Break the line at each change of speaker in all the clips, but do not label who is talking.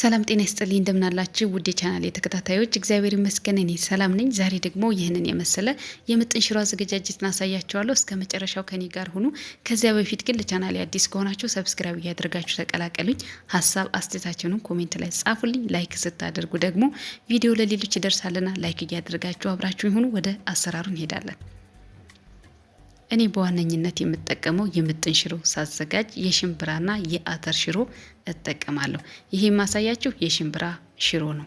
ሰላም ጤና ይስጥልኝ፣ እንደምናላችሁ ውድ ቻናል የተከታታዮች፣ እግዚአብሔር ይመስገን እኔ ሰላም ነኝ። ዛሬ ደግሞ ይህንን የመሰለ የምጥን ሽሮ አዘገጃጀት እናሳያቸዋለሁ። እስከ መጨረሻው ከኔ ጋር ሁኑ። ከዚያ በፊት ግን ለቻናል አዲስ ከሆናችሁ ሰብስክራይብ እያደረጋችሁ ተቀላቀሉኝ። ሀሳብ አስተያየታችሁንም ኮሜንት ላይ ጻፉልኝ። ላይክ ስታደርጉ ደግሞ ቪዲዮ ለሌሎች ይደርሳልና ላይክ እያደረጋችሁ አብራችሁ ይሁኑ። ወደ አሰራሩ እንሄዳለን። እኔ በዋነኝነት የምጠቀመው የምጥን ሽሮ ሳዘጋጅ የሽምብራና የአተር ሽሮ እጠቀማለሁ። ይሄ የማሳያችሁ የሽምብራ ሽሮ ነው።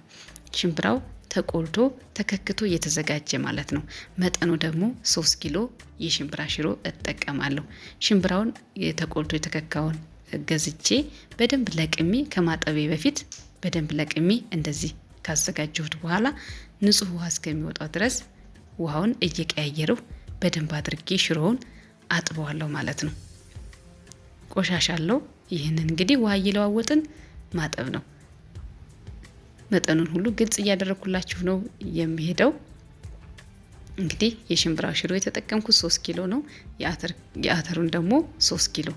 ሽምብራው ተቆልቶ ተከክቶ የተዘጋጀ ማለት ነው። መጠኑ ደግሞ ሶስት ኪሎ የሽምብራ ሽሮ እጠቀማለሁ። ሽምብራውን ተቆልቶ የተከካውን ገዝቼ በደንብ ለቅሜ ከማጠቤ በፊት በደንብ ለቅሜ እንደዚህ ካዘጋጀሁት በኋላ ንጹህ ውሃ እስከሚወጣው ድረስ ውሃውን እየቀያየረው በደንብ አድርጌ ሽሮውን አጥበዋለሁ ማለት ነው። ቆሻሻ አለው። ይህንን እንግዲህ ውሃ እየለዋወጥን ማጠብ ነው። መጠኑን ሁሉ ግልጽ እያደረግኩላችሁ ነው የሚሄደው። እንግዲህ የሽምብራ ሽሮ የተጠቀምኩት ሶስት ኪሎ ነው። የአተሩን ደግሞ ሶስት ኪሎ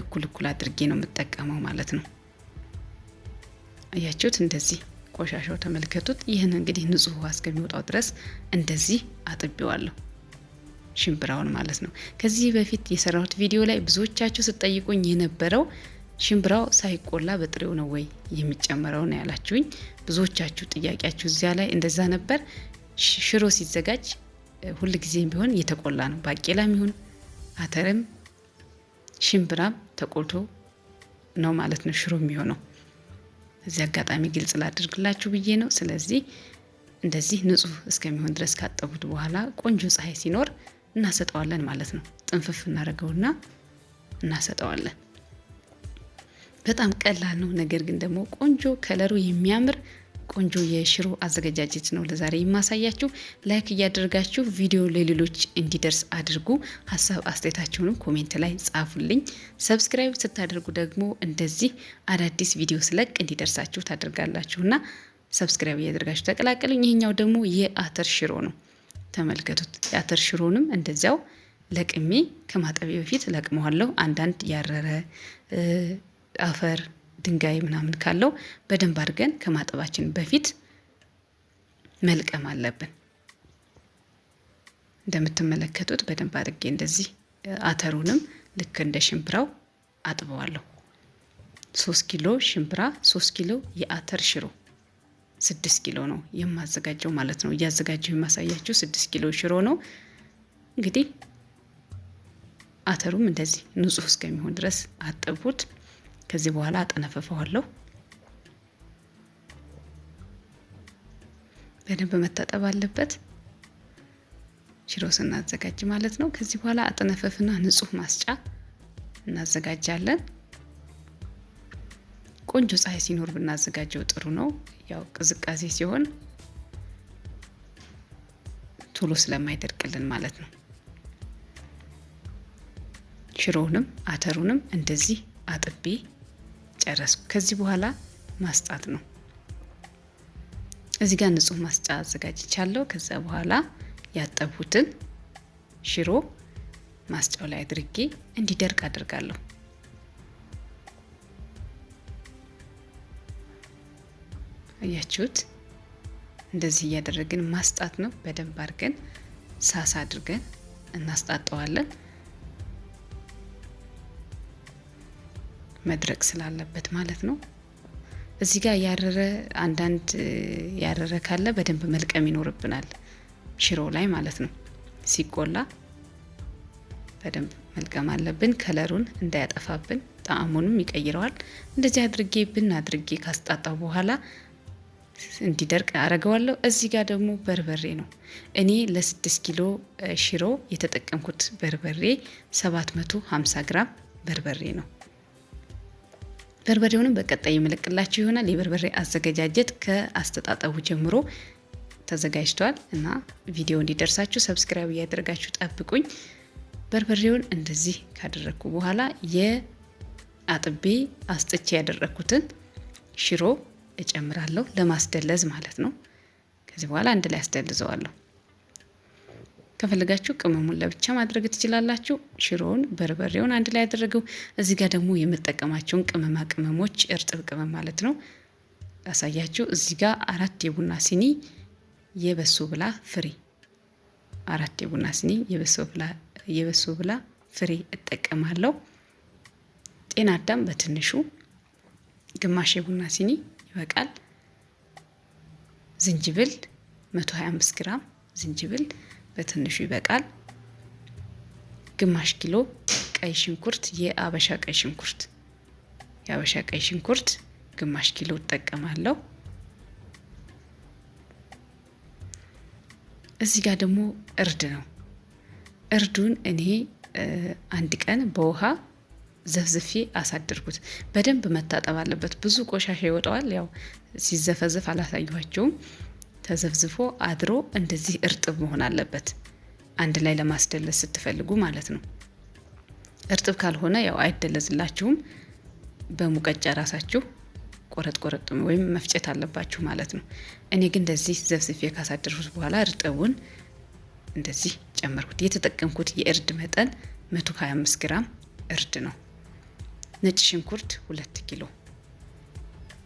እኩል እኩል አድርጌ ነው የምጠቀመው ማለት ነው። አያችሁት? እንደዚህ ቆሻሻው ተመልከቱት። ይህን እንግዲህ ንጹህ ውሃ እስከሚወጣው ድረስ እንደዚህ አጥቤዋለሁ። ሽምብራውን ማለት ነው። ከዚህ በፊት የሰራሁት ቪዲዮ ላይ ብዙዎቻችሁ ስትጠይቁኝ የነበረው ሽምብራው ሳይቆላ በጥሬው ነው ወይ የሚጨመረው ነው ያላችሁኝ። ብዙዎቻችሁ ጥያቄያችሁ እዚያ ላይ እንደዛ ነበር። ሽሮ ሲዘጋጅ ሁል ጊዜም ቢሆን የተቆላ ነው። ባቄላም ይሁን አተርም ሽምብራም ተቆልቶ ነው ማለት ነው ሽሮ የሚሆነው። እዚህ አጋጣሚ ግልጽ ላድርግላችሁ ብዬ ነው። ስለዚህ እንደዚህ ንጹህ እስከሚሆን ድረስ ካጠቡት በኋላ ቆንጆ ፀሐይ ሲኖር እናሰጠዋለን ማለት ነው። ጥንፍፍ እናደርገውና እናሰጠዋለን። በጣም ቀላል ነው፣ ነገር ግን ደግሞ ቆንጆ ከለሩ የሚያምር ቆንጆ የሽሮ አዘገጃጀት ነው ለዛሬ የማሳያችሁ። ላይክ እያደረጋችሁ ቪዲዮ ለሌሎች እንዲደርስ አድርጉ። ሀሳብ አስተያየታችሁንም ኮሜንት ላይ ጻፉልኝ። ሰብስክራይብ ስታደርጉ ደግሞ እንደዚህ አዳዲስ ቪዲዮ ስለቅ እንዲደርሳችሁ ታደርጋላችሁና ሰብስክራይብ እያደረጋችሁ ተቀላቀሉኝ። ይህኛው ደግሞ የአተር ሽሮ ነው። ተመልከቱት። የአተር ሽሮንም እንደዚያው ለቅሜ ከማጠቢ በፊት ለቅመዋለሁ። አንዳንድ ያረረ አፈር ድንጋይ ምናምን ካለው በደንብ አድርገን ከማጠባችን በፊት መልቀም አለብን። እንደምትመለከቱት በደንብ አድርጌ እንደዚህ አተሩንም ልክ እንደ ሽምብራው አጥበዋለሁ። ሶስት ኪሎ ሽምብራ፣ ሶስት ኪሎ የአተር ሽሮ ስድስት ኪሎ ነው የማዘጋጀው ማለት ነው። እያዘጋጀው የማሳያችሁ ስድስት ኪሎ ሽሮ ነው። እንግዲህ አተሩም እንደዚህ ንጹህ እስከሚሆን ድረስ አጠቡት። ከዚህ በኋላ አጠነፈፈዋለሁ። በደንብ መታጠብ አለበት ሽሮ ስናዘጋጅ ማለት ነው። ከዚህ በኋላ አጠነፈፍና ንጹህ ማስጫ እናዘጋጃለን። ቆንጆ ፀሐይ ሲኖር ብናዘጋጀው ጥሩ ነው። ያው ቅዝቃዜ ሲሆን ቶሎ ስለማይደርቅልን ማለት ነው። ሽሮውንም አተሩንም እንደዚህ አጥቤ ጨረስኩ። ከዚህ በኋላ ማስጣት ነው። እዚህ ጋር ንጹህ ማስጫ አዘጋጅቻለሁ። ከዛ በኋላ ያጠቡትን ሽሮ ማስጫው ላይ አድርጌ እንዲደርቅ አድርጋለሁ። አያችሁት? እንደዚህ እያደረግን ማስጣት ነው። በደንብ አድርገን ሳሳ አድርገን እናስጣጠዋለን። መድረቅ ስላለበት ማለት ነው። እዚህ ጋር ያረረ አንዳንድ ያረረ ካለ በደንብ መልቀም ይኖርብናል። ሽሮ ላይ ማለት ነው። ሲቆላ በደንብ መልቀም አለብን። ከለሩን እንዳያጠፋብን ጣዕሙንም ይቀይረዋል። እንደዚህ አድርጌ ብን አድርጌ ካስጣጣው በኋላ እንዲደርቅ አረገዋለሁ። እዚህ ጋር ደግሞ በርበሬ ነው። እኔ ለስድስት ኪሎ ሽሮ የተጠቀምኩት በርበሬ 750 ግራም በርበሬ ነው። በርበሬውንም በቀጣይ የመለቅላችሁ ይሆናል። የበርበሬ አዘገጃጀት ከአስተጣጠቡ ጀምሮ ተዘጋጅቷል እና ቪዲዮ እንዲደርሳችሁ ሰብስክራይብ እያደረጋችሁ ጠብቁኝ። በርበሬውን እንደዚህ ካደረግኩ በኋላ የአጥቤ አስጥቼ ያደረግኩትን ሽሮ እጨምራለሁ ለማስደለዝ ማለት ነው። ከዚህ በኋላ አንድ ላይ አስደልዘዋለሁ። ከፈለጋችሁ ቅመሙን ለብቻ ማድረግ ትችላላችሁ። ሽሮውን፣ በርበሬውን አንድ ላይ ያደረገው። እዚህ ጋር ደግሞ የምጠቀማቸውን ቅመማ ቅመሞች እርጥብ ቅመም ማለት ነው ያሳያችሁ። እዚህ ጋር አራት የቡና ሲኒ የበሶ ብላ ፍሬ አራት የቡና ሲኒ የበሶ ብላ ፍሬ እጠቀማለሁ። ጤና አዳም በትንሹ ግማሽ የቡና ሲኒ ይበቃል። ዝንጅብል 125 ግራም ዝንጅብል በትንሹ ይበቃል። ግማሽ ኪሎ ቀይ ሽንኩርት የአበሻ ቀይ ሽንኩርት የአበሻ ቀይ ሽንኩርት ግማሽ ኪሎ እጠቀማለሁ። እዚህ ጋር ደግሞ እርድ ነው። እርዱን እኔ አንድ ቀን በውሃ ዘፍዝፌ አሳደርኩት። በደንብ መታጠብ አለበት፣ ብዙ ቆሻሻ ይወጣዋል። ያው ሲዘፈዘፍ አላሳየኋቸውም። ተዘፍዝፎ አድሮ እንደዚህ እርጥብ መሆን አለበት፣ አንድ ላይ ለማስደለዝ ስትፈልጉ ማለት ነው። እርጥብ ካልሆነ ያው አይደለዝላችሁም። በሙቀጫ ራሳችሁ ቆረጥ ቆረጥ ወይም መፍጨት አለባችሁ ማለት ነው። እኔ ግን እንደዚህ ዘፍዝፌ ካሳደርኩት በኋላ እርጥቡን እንደዚህ ጨመርኩት። የተጠቀምኩት የእርድ መጠን 125 ግራም እርድ ነው። ነጭ ሽንኩርት ሁለት ኪሎ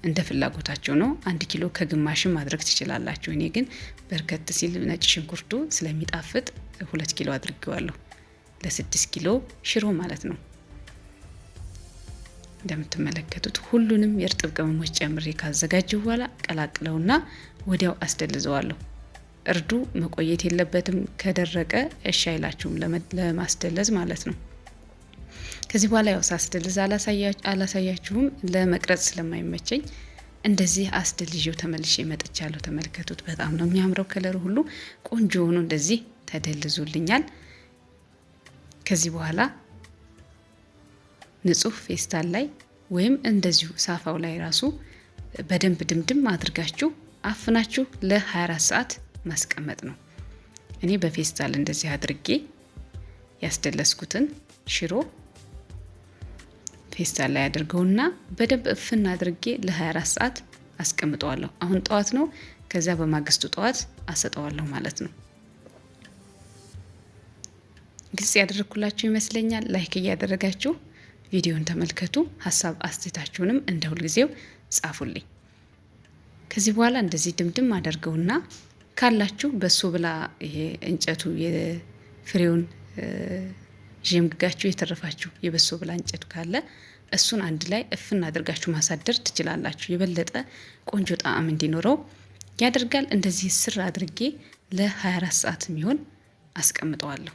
እንደ ፍላጎታችሁ ነው። አንድ ኪሎ ከግማሽም ማድረግ ትችላላችሁ። እኔ ግን በርከት ሲል ነጭ ሽንኩርቱ ስለሚጣፍጥ ሁለት ኪሎ አድርጌዋለሁ። ለስድስት ኪሎ ሽሮ ማለት ነው። እንደምትመለከቱት ሁሉንም የእርጥብ ቅመሞች ጨምሬ ካዘጋጀሁ በኋላ ቀላቅለውና ወዲያው አስደልዘዋለሁ። እርዱ መቆየት የለበትም። ከደረቀ እሺ አይላችሁም ለማስደለዝ ማለት ነው። ከዚህ በኋላ ያው ሳስደልዝ አላሳያችሁም ለመቅረጽ ስለማይመቸኝ እንደዚህ አስደልዤው ተመልሼ መጥቻለሁ። ተመልከቱት፣ በጣም ነው የሚያምረው። ከለሩ ሁሉ ቆንጆ ሆኖ እንደዚህ ተደልዙልኛል። ከዚህ በኋላ ንጹህ ፌስታል ላይ ወይም እንደዚሁ ሳፋው ላይ ራሱ በደንብ ድምድም አድርጋችሁ አፍናችሁ ለ24 ሰዓት ማስቀመጥ ነው። እኔ በፌስታል እንደዚህ አድርጌ ያስደለስኩትን ሽሮ ፌስታል ላይ አድርገውና በደንብ እፍና አድርጌ ለ24 ሰዓት አስቀምጠዋለሁ። አሁን ጠዋት ነው፣ ከዚያ በማግስቱ ጠዋት አሰጠዋለሁ ማለት ነው። ግልጽ ያደረግኩላችሁ ይመስለኛል። ላይክ እያደረጋችሁ ቪዲዮን ተመልከቱ። ሀሳብ አስተያየታችሁንም እንደ ሁልጊዜው ጻፉልኝ። ከዚህ በኋላ እንደዚህ ድምድም አደርገውና ካላችሁ በሱ ብላ ይሄ እንጨቱ የፍሬውን ዥምግጋችሁ የተረፋችሁ የበሶ ብላ እንጨት ካለ እሱን አንድ ላይ እፍና አድርጋችሁ ማሳደር ትችላላችሁ። የበለጠ ቆንጆ ጣዕም እንዲኖረው ያደርጋል። እንደዚህ ስር አድርጌ ለ24 ሰዓት የሚሆን አስቀምጠዋለሁ።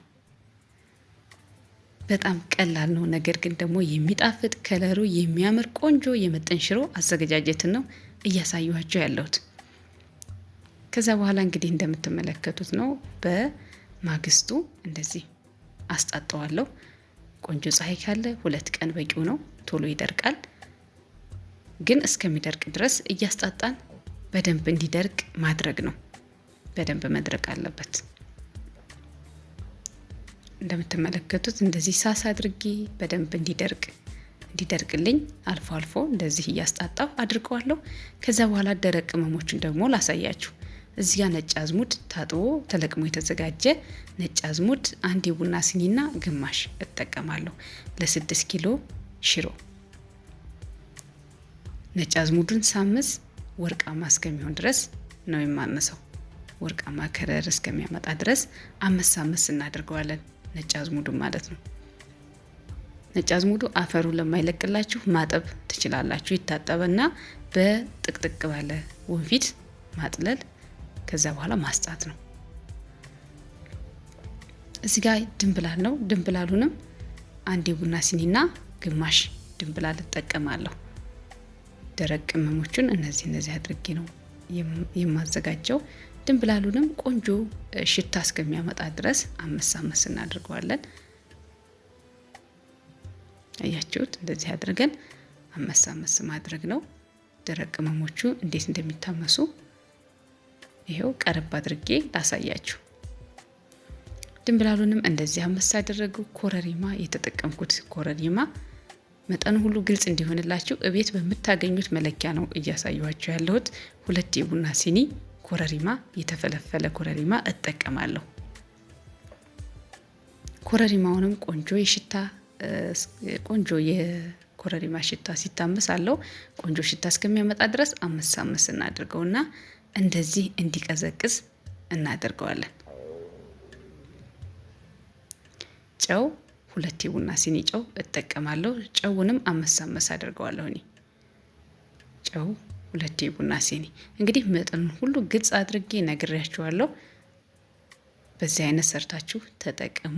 በጣም ቀላል ነው፣ ነገር ግን ደግሞ የሚጣፍጥ ከለሩ የሚያምር ቆንጆ የመጠን ሽሮ አዘገጃጀትን ነው እያሳየኋቸው ያለሁት። ከዛ በኋላ እንግዲህ እንደምትመለከቱት ነው በማግስቱ እንደዚህ አስጣጠዋለሁ። ቆንጆ ፀሐይ ካለ ሁለት ቀን በቂው ነው፣ ቶሎ ይደርቃል። ግን እስከሚደርቅ ድረስ እያስጣጣን በደንብ እንዲደርቅ ማድረግ ነው። በደንብ መድረቅ አለበት። እንደምትመለከቱት እንደዚህ ሳስ አድርጌ በደንብ እንዲደርቅ እንዲደርቅልኝ አልፎ አልፎ እንደዚህ እያስጣጣሁ አድርቀዋለሁ። ከዚያ በኋላ ደረቅ ቅመሞችን ደግሞ ላሳያችሁ። እዚያ ነጭ አዝሙድ ታጥቦ ተለቅሞ የተዘጋጀ ነጭ አዝሙድ አንድ የቡና ስኒና ግማሽ እጠቀማለሁ ለስድስት ኪሎ ሽሮ። ነጭ አዝሙዱን ሳምስ ወርቃማ እስከሚሆን ድረስ ነው የማመሰው። ወርቃማ ከረር እስከሚያመጣ ድረስ አመስ አመስ እናደርገዋለን፣ ነጭ አዝሙዱ ማለት ነው። ነጭ አዝሙዱ አፈሩ ለማይለቅላችሁ ማጠብ ትችላላችሁ። ይታጠበና በጥቅጥቅ ባለ ወንፊት ማጥለል ከዛ በኋላ ማስጣት ነው። እዚህ ጋር ድንብላል ነው። ድንብላሉንም አንድ የቡና ሲኒና ግማሽ ድንብላል እጠቀማለሁ። ደረቅ ቅመሞቹን እነዚህ እነዚህ አድርጌ ነው የማዘጋጀው። ድንብላሉንም ቆንጆ ሽታ እስከሚያመጣ ድረስ አመስ አመስ እናድርገዋለን። እያችሁት እንደዚህ አድርገን አመስ አመስ ማድረግ ነው። ደረቅ ቅመሞቹ እንዴት እንደሚታመሱ ይሄው ቀረብ አድርጌ ላሳያችሁ። ድንብላሉንም እንደዚህ አመሳ ያደረገው ኮረሪማ የተጠቀምኩት ኮረሪማ መጠኑ ሁሉ ግልጽ እንዲሆንላችሁ እቤት በምታገኙት መለኪያ ነው እያሳየኋችሁ ያለሁት። ሁለት የቡና ሲኒ ኮረሪማ የተፈለፈለ ኮረሪማ እጠቀማለሁ። ኮረሪማውንም ቆንጆ የሽታ ቆንጆ የኮረሪማ ሽታ ሲታመስ አለው ቆንጆ ሽታ እስከሚያመጣ ድረስ አመሳ አመስ እናድርገውና እንደዚህ እንዲቀዘቅዝ እናደርገዋለን። ጨው ሁለት የቡና ሲኒ ጨው እጠቀማለሁ። ጨውንም አመስ አመስ አደርገዋለሁ። እኔ ጨው ሁለት የቡና ሲኒ እንግዲህ መጠኑን ሁሉ ግልጽ አድርጌ ነግሬያችኋለሁ። በዚህ አይነት ሰርታችሁ ተጠቀሙ።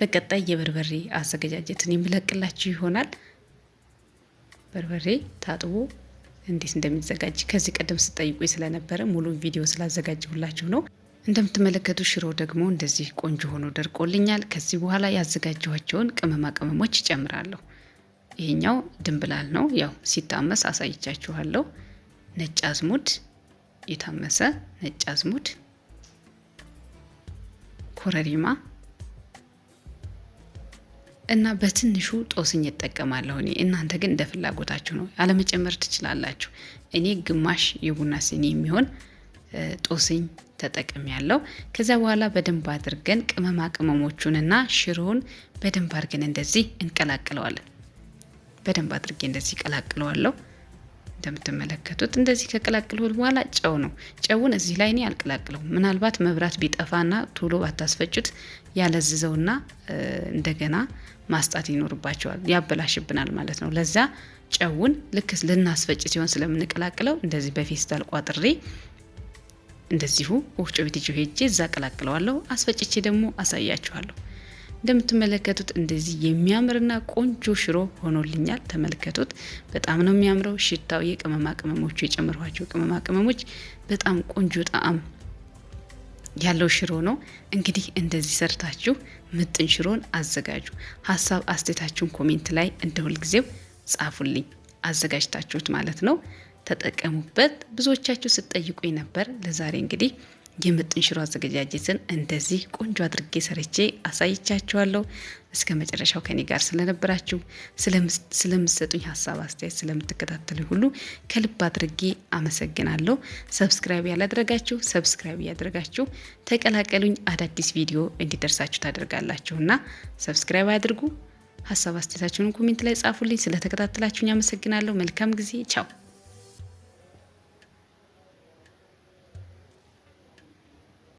በቀጣይ የበርበሬ አዘገጃጀትን የምለቅላችሁ ይሆናል። በርበሬ ታጥቦ እንዴት እንደሚዘጋጅ ከዚህ ቀደም ስጠይቁ ስለነበረ ሙሉ ቪዲዮ ስላዘጋጀሁላችሁ ነው። እንደምትመለከቱ ሽሮ ደግሞ እንደዚህ ቆንጆ ሆኖ ደርቆልኛል። ከዚህ በኋላ ያዘጋጀኋቸውን ቅመማ ቅመሞች ይጨምራለሁ። ይሄኛው ድንብላል ነው። ያው ሲታመስ አሳይቻችኋለሁ። ነጭ አዝሙድ፣ የታመሰ ነጭ አዝሙድ፣ ኮረሪማ እና በትንሹ ጦስኝ እጠቀማለሁ እኔ። እናንተ ግን እንደ ፍላጎታችሁ ነው፣ አለመጨመር ትችላላችሁ። እኔ ግማሽ የቡና ስኒ የሚሆን ጦስኝ ተጠቅም ያለው። ከዚያ በኋላ በደንብ አድርገን ቅመማ ቅመሞቹንና ሽሮውን በደንብ አድርገን እንደዚህ እንቀላቅለዋለን። በደንብ አድርጌ እንደዚህ እቀላቅለዋለሁ። እንደምትመለከቱት እንደዚህ ከቀላቅልሁት በኋላ ጨው ነው። ጨውን እዚህ ላይ እኔ አልቀላቅለው። ምናልባት መብራት ቢጠፋና ቶሎ ባታስፈጩት ያለዝዘውና እንደገና ማስጣት ይኖርባቸዋል፣ ያበላሽብናል ማለት ነው። ለዛ ጨውን ልክ ልናስፈጭ ሲሆን ስለምንቀላቅለው እንደዚህ በፌስታል ቋጥሬ እንደዚሁ ወፍጮ ቤት ሄጄ እዛ ቀላቅለዋለሁ። አስፈጭቼ ደግሞ አሳያችኋለሁ። እንደምትመለከቱት እንደዚህ የሚያምርና ቆንጆ ሽሮ ሆኖልኛል። ተመልከቱት። በጣም ነው የሚያምረው። ሽታው የቅመማ ቅመሞቹ የጨመርኋቸው ቅመማ ቅመሞች በጣም ቆንጆ ጣዕም ያለው ሽሮ ነው። እንግዲህ እንደዚህ ሰርታችሁ ምጥን ሽሮን አዘጋጁ። ሀሳብ አስተያየታችሁን ኮሜንት ላይ እንደ ሁልጊዜው ጻፉልኝ። አዘጋጅታችሁት ማለት ነው። ተጠቀሙበት። ብዙዎቻችሁ ስትጠይቁኝ ነበር። ለዛሬ እንግዲህ የምጥን ሽሮ አዘገጃጀትን እንደዚህ ቆንጆ አድርጌ ሰርቼ አሳይቻችኋለሁ። እስከ መጨረሻው ከኔ ጋር ስለነበራችሁ፣ ስለምሰጡኝ ሀሳብ አስተያየት፣ ስለምትከታተሉኝ ሁሉ ከልብ አድርጌ አመሰግናለሁ። ሰብስክራይብ ያላደረጋችሁ ሰብስክራይብ እያደረጋችሁ ተቀላቀሉኝ። አዳዲስ ቪዲዮ እንዲደርሳችሁ ታደርጋላችሁ እና ሰብስክራይብ አድርጉ። ሀሳብ አስተያየታችሁን ኮሜንት ላይ ጻፉልኝ። ስለተከታተላችሁኝ አመሰግናለሁ። መልካም ጊዜ። ቻው